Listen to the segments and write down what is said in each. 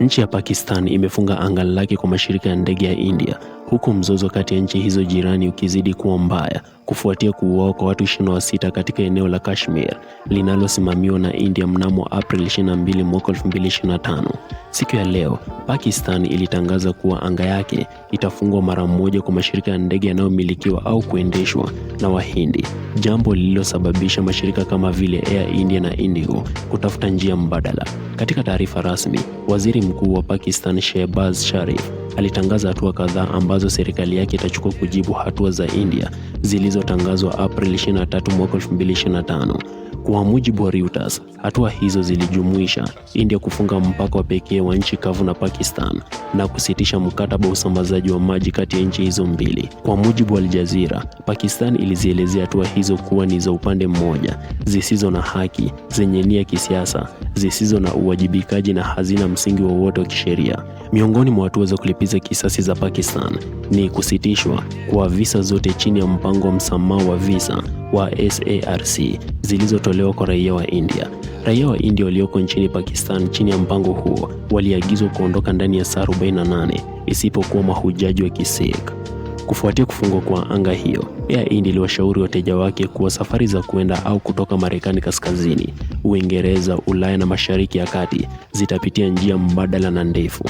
Nchi ya Pakistan imefunga anga lake kwa mashirika ya ndege ya India huku mzozo kati ya nchi hizo jirani ukizidi kuwa mbaya kufuatia kuuawa kwa watu 26 katika eneo la Kashmir linalosimamiwa na India mnamo April 22 mwaka 2025. Siku ya leo, Pakistan ilitangaza kuwa anga yake itafungwa mara moja kwa mashirika ya ndege yanayomilikiwa au kuendeshwa na Wahindi, jambo lililosababisha mashirika kama vile Air India na Indigo kutafuta njia mbadala. Katika taarifa rasmi, Waziri Mkuu wa Pakistan Shehbaz Sharif alitangaza hatua kadhaa ambazo serikali yake itachukua kujibu hatua za India zilizotangazwa Aprili 23 mwaka 2025. Kwa mujibu wa Reuters, hatua hizo zilijumuisha India kufunga mpaka wa pekee wa nchi kavu na Pakistan na kusitisha mkataba wa usambazaji wa maji kati ya nchi hizo mbili. Kwa mujibu wa aljazira Pakistan ilizielezea hatua hizo kuwa ni za upande mmoja, zisizo na haki, zenye nia kisiasa, zisizo na uwajibikaji na hazina msingi wowote wa, wa kisheria. Miongoni mwa hatua za kulipiza kisasi za Pakistan ni kusitishwa kwa visa zote chini ya mpango wa msamaha wa visa wa SARC zilizotolewa kwa raia wa India. Raia wa India walioko nchini Pakistan chini ya mpango huo waliagizwa kuondoka ndani ya saa 48 isipokuwa mahujaji wa Kisikh. Kufuatia kufungwa kwa anga hiyo, Air India iliwashauri wateja wake kuwa safari za kuenda au kutoka Marekani kaskazini, Uingereza, Ulaya na Mashariki ya Kati zitapitia njia mbadala na ndefu.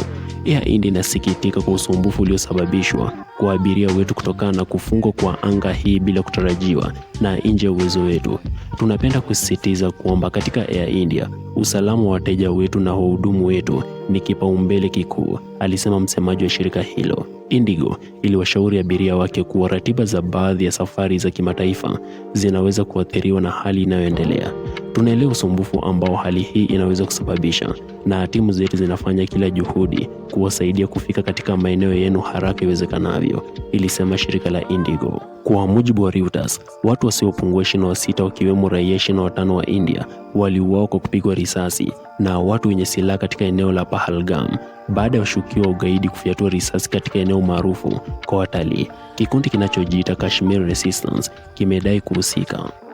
Air India inasikitika kwa usumbufu uliosababishwa kwa abiria wetu kutokana na kufungwa kwa anga hii bila kutarajiwa na nje ya uwezo wetu. Tunapenda kusisitiza kwamba katika Air India Usalama wa wateja wetu na wahudumu wetu ni kipaumbele kikuu, alisema msemaji wa shirika hilo. Indigo iliwashauri abiria wake kuwa ratiba za baadhi ya safari za kimataifa zinaweza kuathiriwa na hali inayoendelea. Tunaelewa usumbufu ambao hali hii inaweza kusababisha, na timu zetu zinafanya kila juhudi kuwasaidia kufika katika maeneo yenu haraka iwezekanavyo, ilisema shirika la Indigo. Kwa mujibu wa Reuters, watu wasiopungua 26 wakiwemo raia 25 wa India waliuawa kwa kupigwa risasi na watu wenye silaha katika eneo la Pahalgam baada ya washukiwa wa ugaidi kufyatua risasi katika eneo maarufu kwa watalii. Kikundi kinachojiita Kashmir Resistance kimedai kuhusika.